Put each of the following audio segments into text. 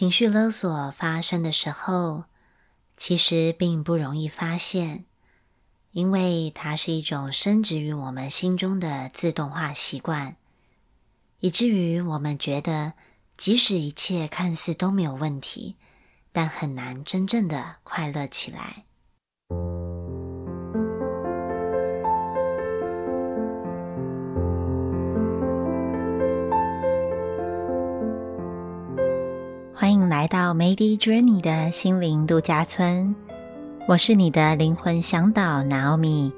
情緒勒索發生的時候，其實並不容易發現，因為它是一種深植於我們心中的自動化習慣，以至於我們覺得，即使一切看似都沒有問題，但很難真正的快樂起來。到 Made Journey 的心靈度假村，我是你的靈魂向導 Naomi。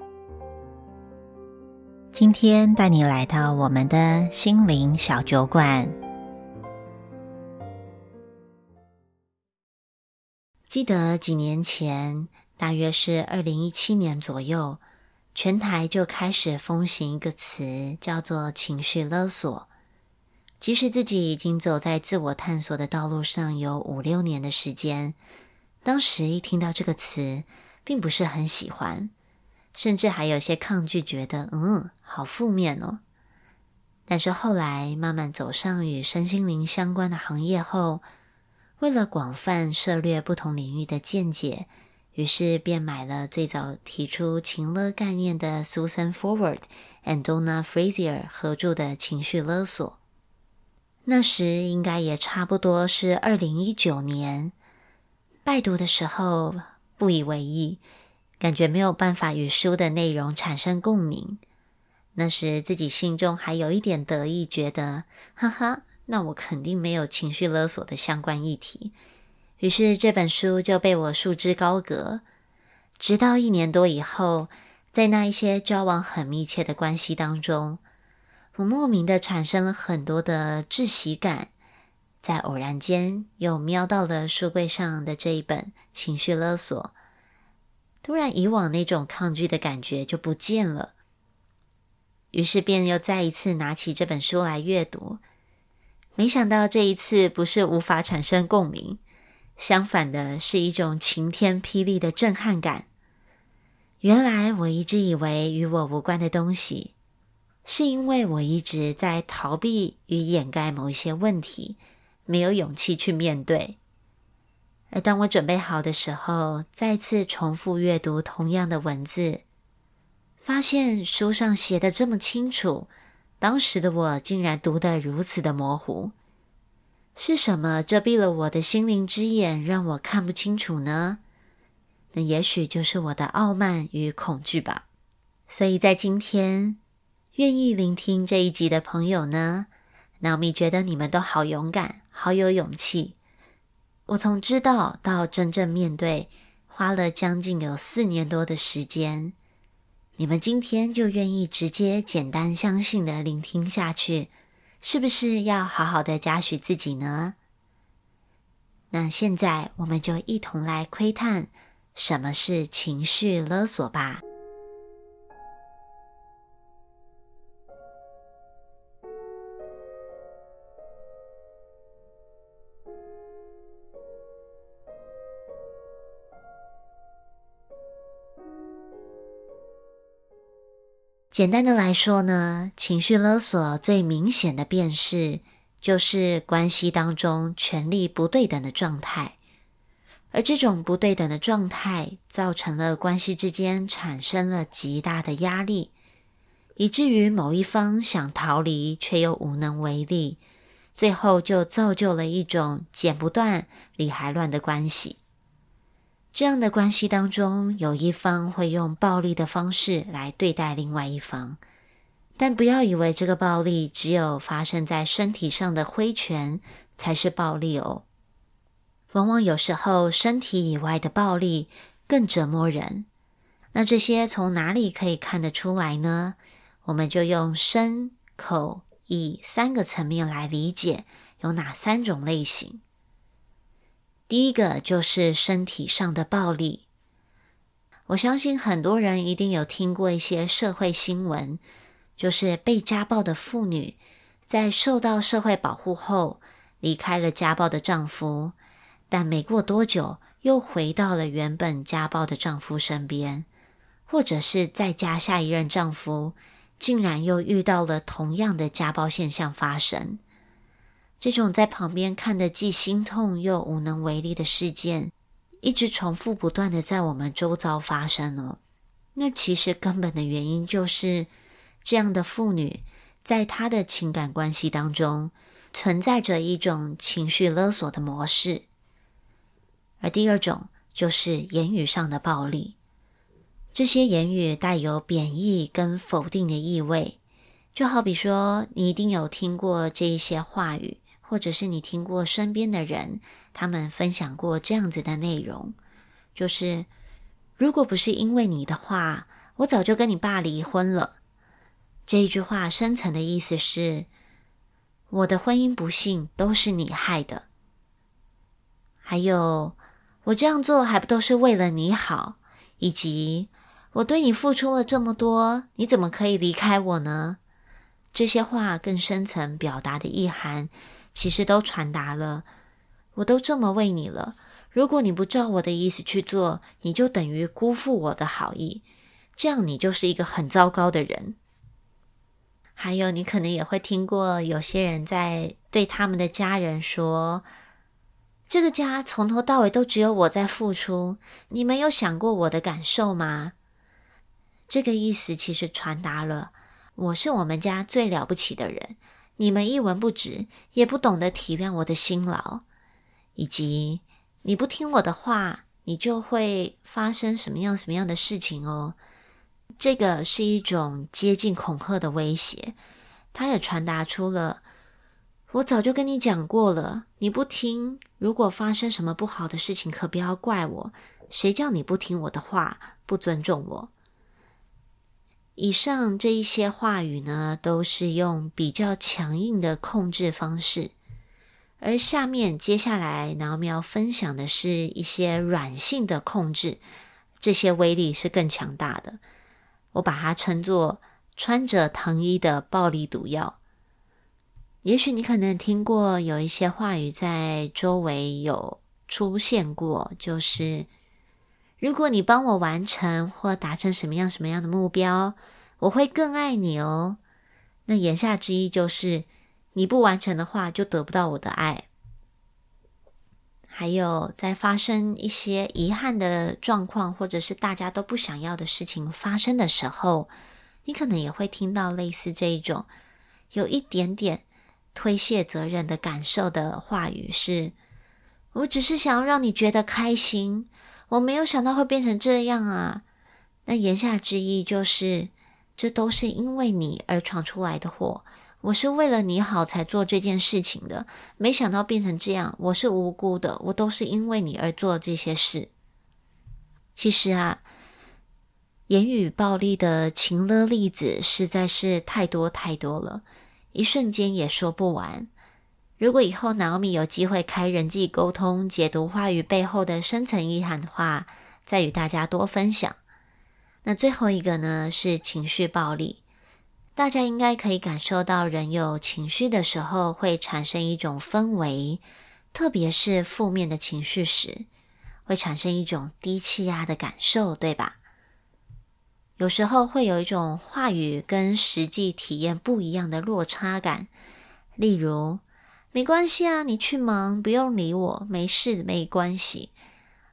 今天帶你來到我們的心靈小酒館。記得幾年前，大約是二零一七年左右，全台就開始風行一個詞，叫做情緒勒索。即使自己已經走在自我探索的道路上有五六年的時間，當時一聽到這個詞，並不是很喜歡，甚至還有些抗拒，覺得“嗯，好負面哦。”但是後來慢慢走上與身心靈相關的行業後，為了廣泛涉獵不同領域的見解，於是便買了最早提出情勒概念的 Susan Forward and Donna Frazier 合著的《情緒勒索》。那時應該也差不多是二零一九年，拜讀的時候，不以為意，感覺沒有辦法與書的內容產生共鳴。那時自己心中還有一點得意，覺得哈哈，那我肯定沒有情緒勒索的相關議題。於是這本書就被我束之高閣。直到一年多以後，在那一些交往很密切的關係當中。我莫名的產生了很多的窒息感，在偶然間又瞄到了書櫃上的這一本《情緒勒索》，突然以往那種抗拒的感覺就不見了，於是便又再一次拿起這本書來閱讀。沒想到這一次不是無法產生共鳴，相反的是一種晴天霹靂的震撼感。原來我一直以為與我無關的東西。是因為我一直在逃避與掩蓋某一些問題，沒有勇氣去面對。而當我準備好的時候，再次重複閱讀同樣的文字，發現書上寫的這麼清楚，當時的我竟然讀得如此的模糊。是什麼遮蔽了我的心靈之眼，讓我看不清楚呢？那也許就是我的傲慢與恐懼吧。所以在今天。願意聆聽這一集的朋友呢，鬧咪覺得你們都好勇敢，好有勇氣。我從知道到真正面對，花了將近有四年多的時間。你們今天就願意直接簡單相信的聆聽下去，是不是要好好的嘉許自己呢？那現在我們就一同來窺探什麼是情緒勒索吧。簡單的來說呢，情緒勒索最明顯的辨識，就是關係當中權力不對等的狀態，而這種不對等的狀態，造成了關係之間產生了極大的壓力，以至於某一方想逃離卻又無能為力，最後就造就了一種剪不斷、理還亂的關係。這樣的關係當中，有一方會用暴力的方式來對待另外一方，但不要以為這個暴力只有發生在身體上的揮拳才是暴力哦。往往有時候身體以外的暴力更折磨人。那這些從哪裡可以看得出來呢？我們就用身、口、意三個層面來理解，有哪三種類型？第一個就是身體上的暴力，我相信很多人一定有聽過一些社會新聞，就是被家暴的婦女在受到社會保護後離開了家暴的丈夫，但沒過多久又回到了原本家暴的丈夫身邊，或者是再嫁下一任丈夫，竟然又遇到了同樣的家暴現象發生。這種在旁邊看得既心痛又無能為力的事件，一直重複不斷的在我們周遭發生哦。那其實根本的原因就是，這樣的婦女在她的情感關係當中，存在着一種情緒勒索的模式。而第二種就是言語上的暴力，這些言語帶有貶義跟否定的意味，就好比說，你一定有聽過這一些話語。或者是你聽過身邊的人他們分享過這樣子的內容，就是如果不是因為你的話，我早就跟你爸離婚了。這一句話深層的意思是我的婚姻不幸都是你害的，還有我這樣做還不都是為了你好，以及我對你付出了這麼多，你怎麼可以離開我呢？這些話更深層表達的意涵。其實都傳達了，我都這麼為你了，如果你不照我的意思去做，你就等於辜負我的好意，這樣你就是一個很糟糕的人。還有，你可能也會聽過有些人在對他們的家人說：“這個家從頭到尾都只有我在付出，你沒有想過我的感受嗎？”這個意思其實傳達了，我是我們家最了不起的人。你們一文不值，也不懂得體諒我的辛勞，以及你不聽我的話，你就會發生什麼樣什麼樣的事情哦。這個是一種接近恐嚇的威脅，他也傳達出了我早就跟你講過了，你不聽，如果發生什麼不好的事情，可不要怪我，誰叫你不聽我的話，不尊重我。以上這一些話語呢，都是用比較強硬的控制方式，而下面接下來，然後我們要分享的是一些軟性的控制，這些威力是更強大的。我把它稱作穿着糖衣的暴力毒藥。也許你可能聽過有一些話語在周圍有出現過，就是。如果你幫我完成或達成什麼樣什麼樣的目標，我會更愛你哦。那言下之意就是，你不完成的話，就得不到我的愛。還有，在發生一些遺憾的狀況，或者是大家都不想要的事情發生的時候，你可能也會聽到類似這一種有一點點推卸責任的感受的話語是，是我只是想要讓你覺得開心。我沒有想到會變成這樣啊！那言下之意就是，這都是因為你而闖出來的禍。我是為了你好才做這件事情的，沒想到變成這樣，我是無辜的。我都是因為你而做這些事。其實啊，言語暴力的情勒例子實在是太多太多了，一瞬間也說不完。如果以後老米有機會開人際溝通、解讀話語背後的深層意涵的話，再與大家多分享。那最後一個呢，是情緒暴力。大家應該可以感受到，人有情緒的時候會產生一種氛圍，特別是負面的情緒時，會產生一種低氣壓的感受，對吧？有時候會有一種話語跟實際體驗不一樣的落差感，例如。沒關係啊，你去忙，不用理我，沒事，沒關係。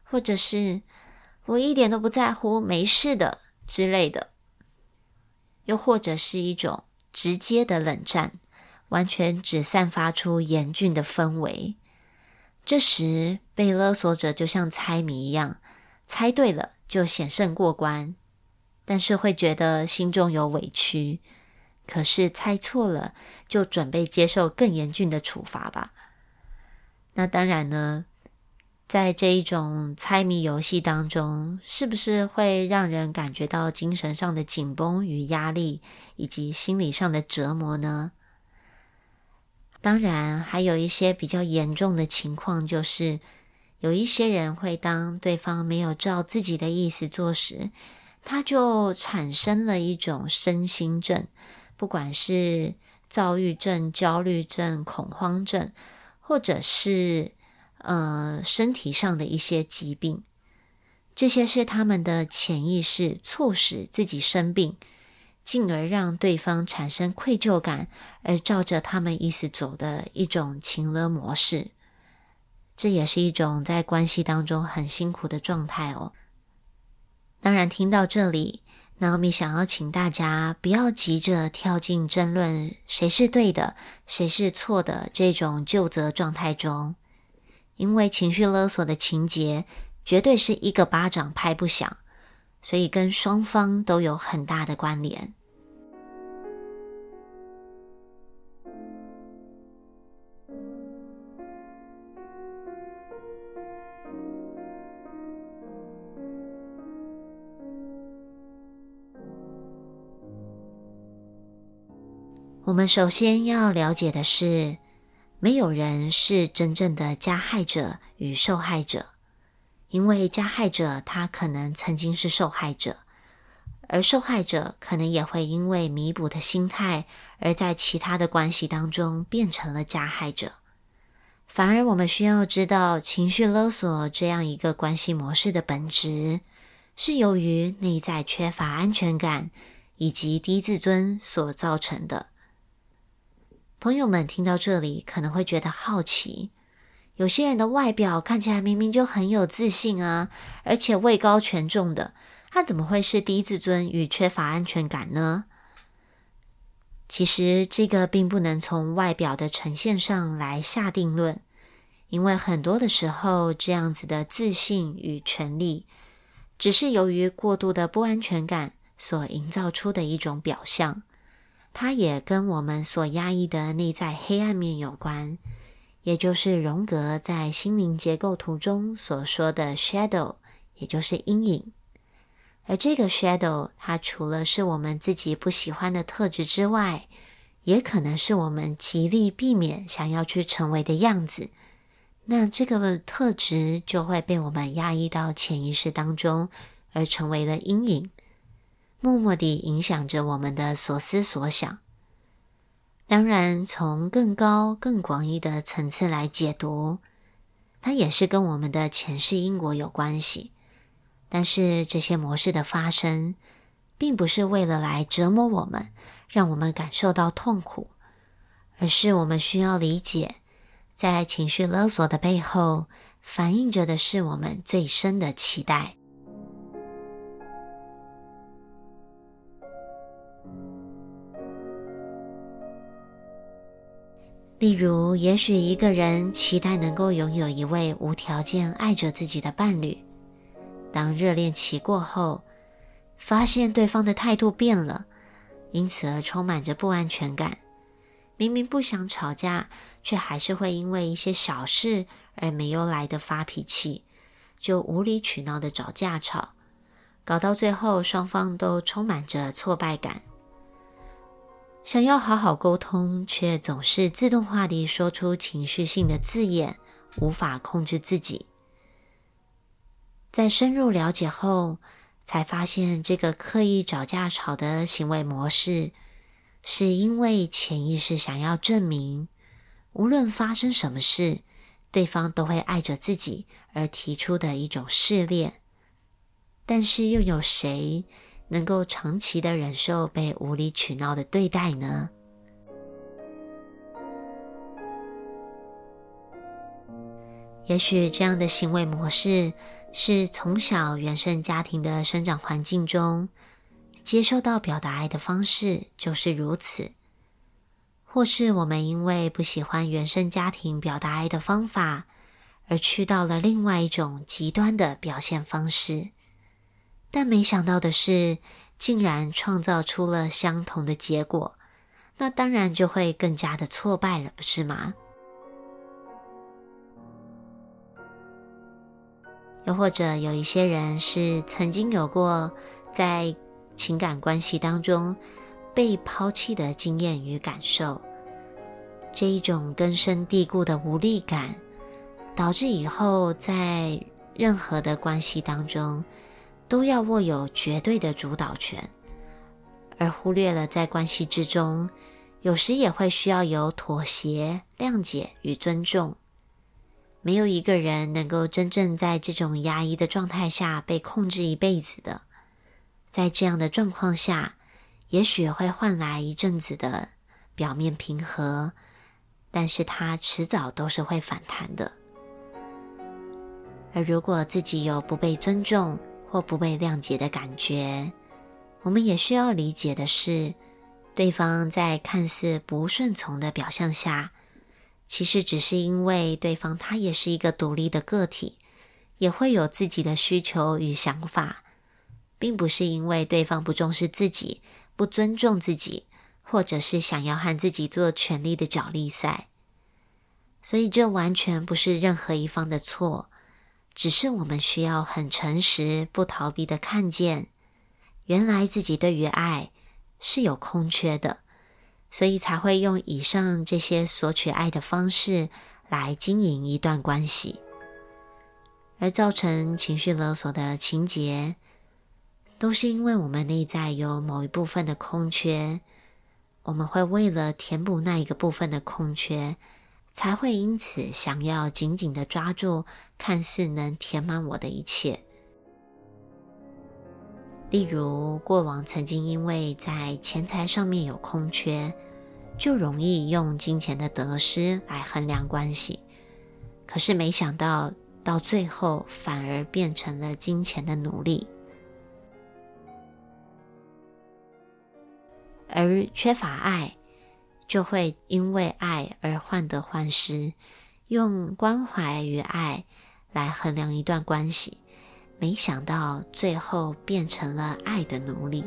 或者是我一點都不在乎，沒事的之類的。又或者是一種直接的冷戰，完全只散發出嚴峻的氛圍。這時被勒索者就像猜謎一樣，猜對了就險勝過關，但是會覺得心中有委屈。可是猜錯了，就準備接受更嚴峻的處罰吧。那當然呢，在這一種猜謎遊戲當中，是不是會讓人感覺到精神上的緊繃與壓力，以及心理上的折磨呢？當然，還有一些比較嚴重的情況，就是有一些人會當對方沒有照自己的意思做時，他就產生了一種身心症。不管是躁鬱症、焦慮症、恐慌症，或者是呃身體上的一些疾病，這些是他們的潛意識促使自己生病，進而讓對方產生愧疚感，而照着他們意思走的一種情勒模式。這也是一種在關係當中很辛苦的狀態哦。當然，聽到這裡。那我們想要請大家不要急着跳進爭論誰是對的、誰是錯的這種究責狀態中，因為情緒勒索的情節絕對是一個巴掌拍不響，所以跟雙方都有很大的關聯。我們首先要了解的是，沒有人是真正的加害者與受害者，因為加害者他可能曾經是受害者，而受害者可能也會因為彌補的心態，而在其他的關係當中變成了加害者。反而，我們需要知道，情緒勒索這樣一個關係模式的本質，是由於內在缺乏安全感以及低自尊所造成的。朋友們聽到這裡可能會覺得好奇，有些人的外表看起來明明就很有自信啊，而且位高權重的，他怎麼會是低自尊與缺乏安全感呢？其實這個並不能從外表的呈現上來下定論，因為很多的時候，這樣子的自信與權力只是由於過度的不安全感所營造出的一種表象。它也跟我們所壓抑的內在黑暗面有關，也就是榮格在心靈結構圖中所說的 shadow，也就是陰影。而這個 shadow，它除了是我們自己不喜歡的特質之外，也可能是我們極力避免想要去成為的樣子。那這個特質就會被我們壓抑到潛意識當中，而成為了陰影。默默地影響着我們的所思所想。當然，從更高、更廣義的層次來解讀，它也是跟我們的前世因果有關係。但是，這些模式的發生，並不是為了來折磨我們，讓我們感受到痛苦，而是我們需要理解，在情緒勒索的背後，反映着的是我們最深的期待。例如，也許一個人期待能夠擁有一位無條件愛着自己的伴侶，當熱戀期過後，發現對方的態度變了，因此而充滿着不安全感。明明不想吵架，卻還是會因為一些小事而沒由來的發脾氣，就無理取鬧的找架吵，搞到最後雙方都充滿着挫敗感。想要好好溝通，卻總是自動化地說出情緒性的字眼，無法控制自己。在深入了解後，才發現這個刻意找架吵的行為模式，是因為潛意識想要證明，無論發生什麼事，對方都會愛着自己而提出的一種試煉。但是又有誰？能夠長期的忍受被無理取鬧的對待呢？也許這樣的行為模式是從小原生家庭的生長環境中接受到表達愛的方式就是如此，或是我們因為不喜歡原生家庭表達愛的方法，而去到了另外一種極端的表現方式。但沒想到的是，竟然創造出了相同的結果，那當然就會更加的挫敗了，不是嗎？又或者有一些人是曾經有過在情感關係當中被拋棄的經驗與感受，這一種根深蒂固的無力感，導致以後在任何的關係當中，都要握有絕對的主導權，而忽略了在關係之中，有時也會需要有妥協、諒解與尊重。沒有一個人能夠真正在這種壓抑的狀態下被控制一輩子的。在這樣的狀況下，也許會換來一陣子的表面平和，但是它遲早都是會反彈的。而如果自己有不被尊重，或不被諒解的感覺，我們也需要理解的是，對方在看似不順從的表象下，其實只是因為對方他也是一個獨立的個體，也會有自己的需求與想法，並不是因為對方不重視自己、不尊重自己，或者是想要和自己做權力的角力賽，所以這完全不是任何一方的錯。只是我們需要很誠實、不逃避的看見，原來自己對於愛是有空缺的，所以才會用以上這些索取愛的方式來經營一段關係，而造成情緒勒索的情節，都是因為我們內在有某一部分的空缺，我們會為了填補那一個部分的空缺。才會因此想要緊緊的抓住看似能填滿我的一切，例如過往曾經因為在錢財上面有空缺，就容易用金錢的得失來衡量關係，可是沒想到到最後反而變成了金錢的奴隸，而缺乏愛。就會因為愛而患得患失，用關懷與愛來衡量一段關係，沒想到最後變成了愛的奴隸。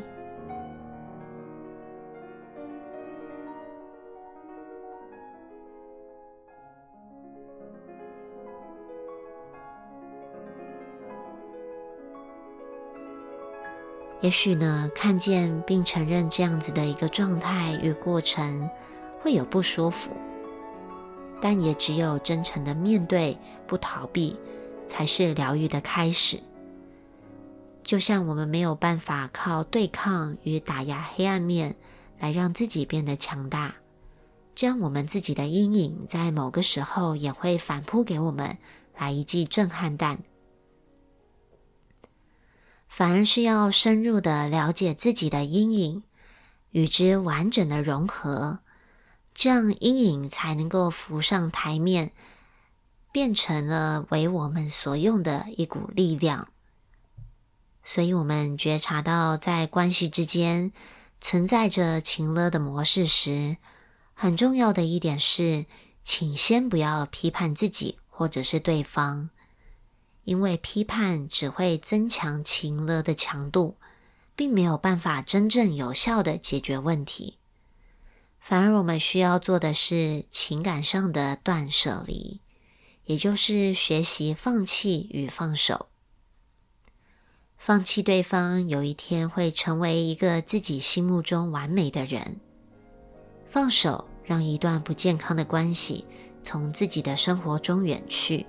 也許呢，看見並承認這樣子的一個狀態與過程。會有不舒服，但也只有真誠的面對，不逃避，才是療癒的開始。就像我們沒有辦法靠對抗與打壓黑暗面來讓自己變得強大，這樣我們自己的陰影在某個時候也會反撲給我們，來一記震撼彈。反而是要深入的了解自己的陰影，與之完整的融合。這樣陰影才能夠浮上台面，變成了為我們所用的一股力量。所以，我們覺察到在關係之間存在着情勒的模式時，很重要的一點是，請先不要批判自己或者是對方，因為批判只會增強情勒的強度，並沒有辦法真正有效的解決問題。反而，我們需要做的是情感上的斷捨離，也就是學習放棄與放手。放棄對方有一天會成為一個自己心目中完美的人，放手讓一段不健康的關係從自己的生活中遠去。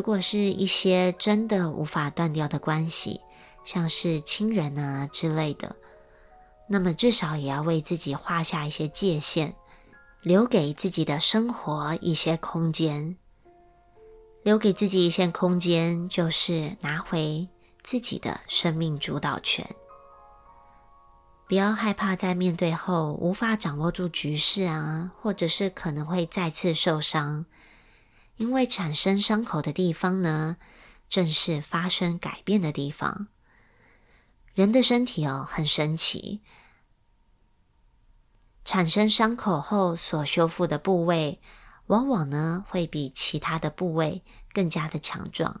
如果是一些真的無法斷掉的關係，像是親人啊之類的，那麼至少也要為自己劃下一些界限，留給自己的生活一些空間。留給自己一些空間，就是拿回自己的生命主導權。不要害怕在面對後無法掌握住局勢啊，或者是可能會再次受傷。因為產生傷口的地方呢，正是發生改變的地方。人的身體哦，很神奇。產生傷口後所修復的部位，往往呢會比其他的部位更加的強壯。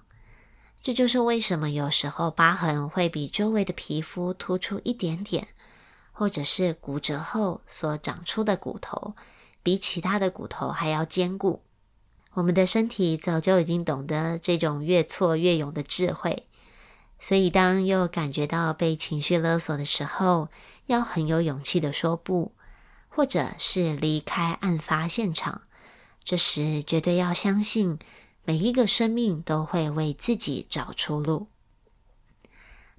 這就是為什麼有時候疤痕會比周圍的皮膚突出一點點，或者是骨折後所長出的骨頭，比其他的骨頭還要堅固。我們的身體早就已經懂得這種越挫越勇的智慧，所以當又感覺到被情緒勒索的時候，要很有勇氣的說不，或者是離開案發現場。這時絕對要相信，每一個生命都會為自己找出路。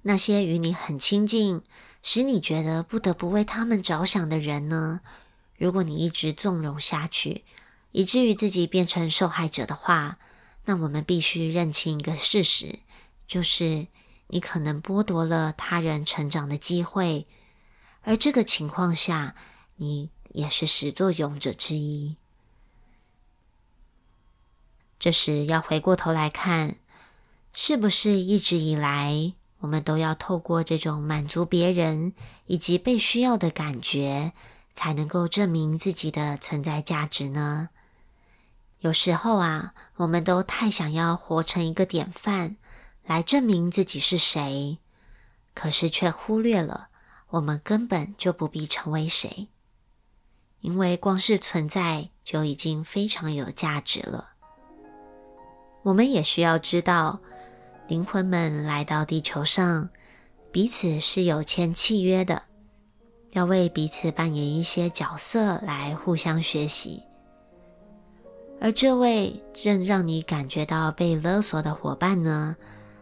那些與你很親近，使你覺得不得不為他們着想的人呢，如果你一直縱容下去。以至於自己變成受害者的話，那我們必須認清一個事實，就是你可能剝奪了他人成長的機會，而這個情況下，你也是始作俑者之一。這時要回過頭來看，是不是一直以來我們都要透過這種滿足別人以及被需要的感覺，才能夠證明自己的存在價值呢？有時候啊，我們都太想要活成一個典範，來證明自己是誰，可是卻忽略了，我們根本就不必成為誰，因為光是存在就已經非常有價值了。我們也需要知道，靈魂們來到地球上，彼此是有簽契約的，要為彼此扮演一些角色來互相學習。而這位正讓你感覺到被勒索的夥伴呢，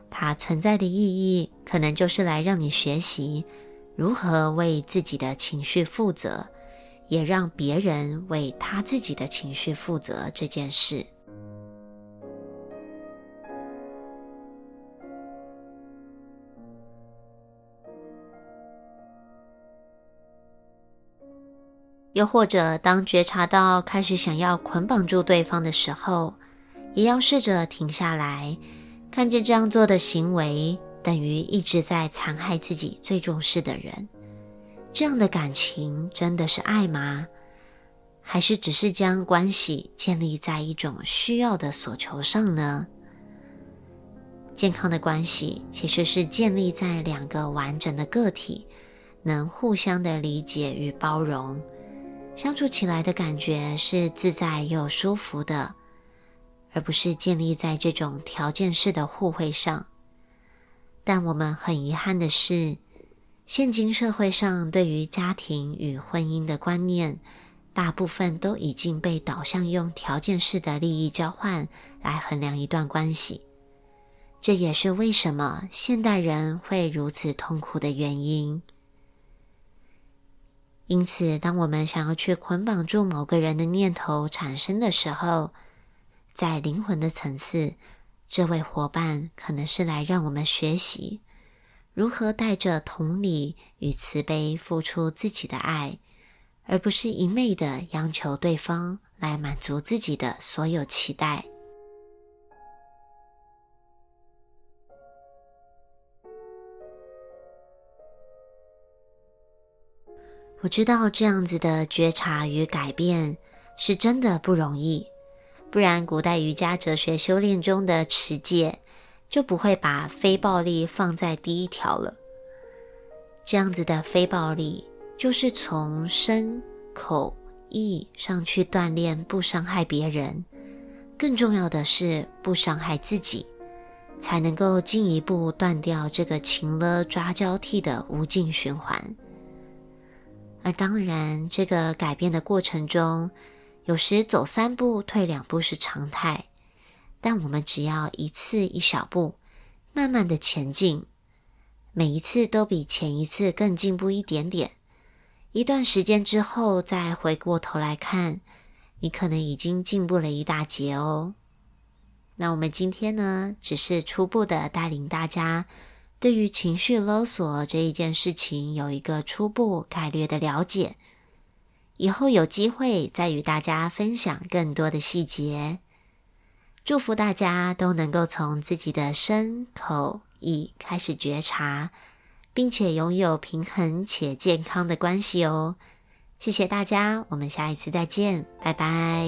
他存在的意義，可能就是來讓你學習如何為自己的情緒負責，也讓別人為他自己的情緒負責這件事。又或者，當覺察到開始想要捆綁住對方的時候，也要試着停下來，看見這樣做的行為等於一直在殘害自己最重視的人。這樣的感情真的是愛嗎？還是只是將關係建立在一種需要的索求上呢？健康的關係其實是建立在兩個完整的個體，能互相的理解與包容。相處起來的感覺是自在又舒服的，而不是建立在這種條件式的互惠上。但我們很遺憾的是，現今社會上對於家庭與婚姻的觀念，大部分都已經被導向用條件式的利益交換來衡量一段關係。這也是為什麼現代人會如此痛苦的原因。因此，當我們想要去捆綁住某個人的念頭產生的時候，在靈魂的層次，這位夥伴可能是來讓我們學習如何帶着同理與慈悲付出自己的愛，而不是一昧的央求對方來滿足自己的所有期待。我知道這樣子的覺察與改變是真的不容易，不然古代瑜伽哲學修煉中的持戒就不會把非暴力放在第一條了。這樣子的非暴力就是從身、口、意上去鍛鍊，不傷害別人，更重要的是不傷害自己，才能夠進一步斷掉這個情勒抓交替的無盡循環。而當然，這個改變的過程中，有時走三步退兩步是常態，但我們只要一次一小步，慢慢的前進，每一次都比前一次更進步一點點。一段時間之後，再回過頭來看，你可能已經進步了一大截哦。那我們今天呢，只是初步的帶領大家，對於情緒勒索這一件事情有一個初步概略的了解，以後有機會再與大家分享更多的細節。祝福大家都能夠從自己的身口意開始覺察，並且擁有平衡且健康的關係哦。謝謝大家，我們下一次再見，拜拜。